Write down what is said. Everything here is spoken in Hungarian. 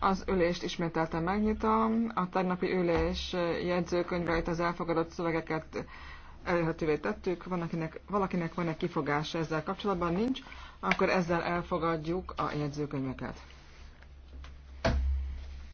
Az ülést ismételten megnyitom. A tegnapi ülés jegyzőkönyveit az elfogadott szövegeket elérhetővé tettük. Van, akinek, valakinek van-e kifogása ezzel kapcsolatban? Nincs. Akkor ezzel elfogadjuk a jegyzőkönyveket.